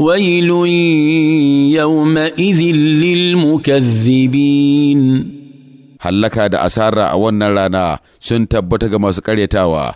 ويل يومئذ للمكذبين hallaka da asara a wannan rana sun tabbata ga masu ƙaryatawa.